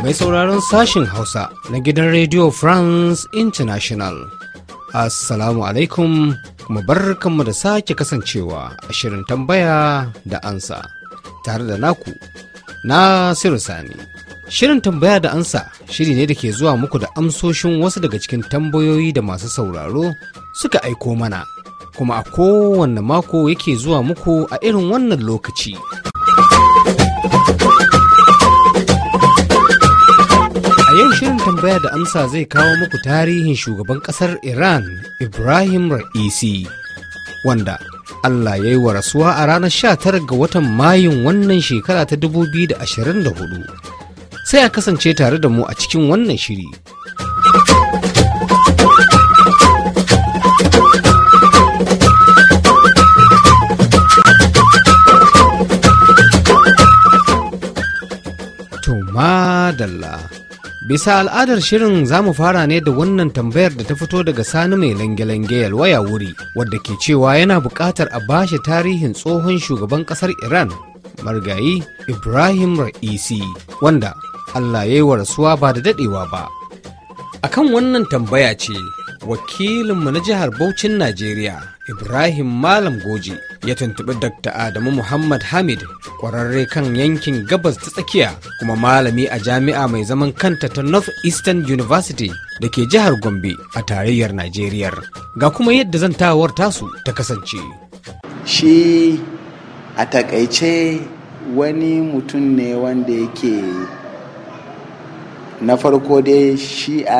mai sauraron sashin Hausa na gidan Radio France International. Assalamu alaikum kuma barkanmu da sake kasancewa a shirin tambaya da ansa tare da naku na Sani. Shirin tambaya da ansa shiri ne da ke zuwa muku da amsoshin wasu daga cikin tambayoyi da masu sauraro suka aiko mana, kuma a kowane mako yake zuwa muku a irin wannan lokaci. A yau shirin tambaya da amsa zai kawo muku tarihin shugaban ƙasar Iran Ibrahim Ra'isi, wanda Allah ya yi wa rasuwa a ranar 19 ga watan Mayun wannan shekara ta 2024. sai a kasance tare da mu a cikin wannan shiri. madalla. Bisa al'adar shirin za mu fara ne da wannan tambayar da ta fito daga sani mai lange-lange waya wuri wadda ke cewa yana buƙatar a bashi tarihin tsohon shugaban ƙasar Iran margayi Ibrahim Ra'isi wanda Allah ya yi wa rasuwa ba da daɗewa ba. Akan wannan tambaya ce wakilinmu na jihar Bauchin Najeriya Ibrahim Malam Goji ya tuntuɓi Dr. Adamu Muhammad Hamid ƙwararre kan yankin gabas ta tsakiya kuma malami a jami'a mai zaman kanta ta North Eastern University da ke jihar Gombe a tarayyar Najeriya. Ga kuma yadda zan zantawar tasu ta kasance. Shi a takaice wani mutum ne wanda yake na farko dai shi a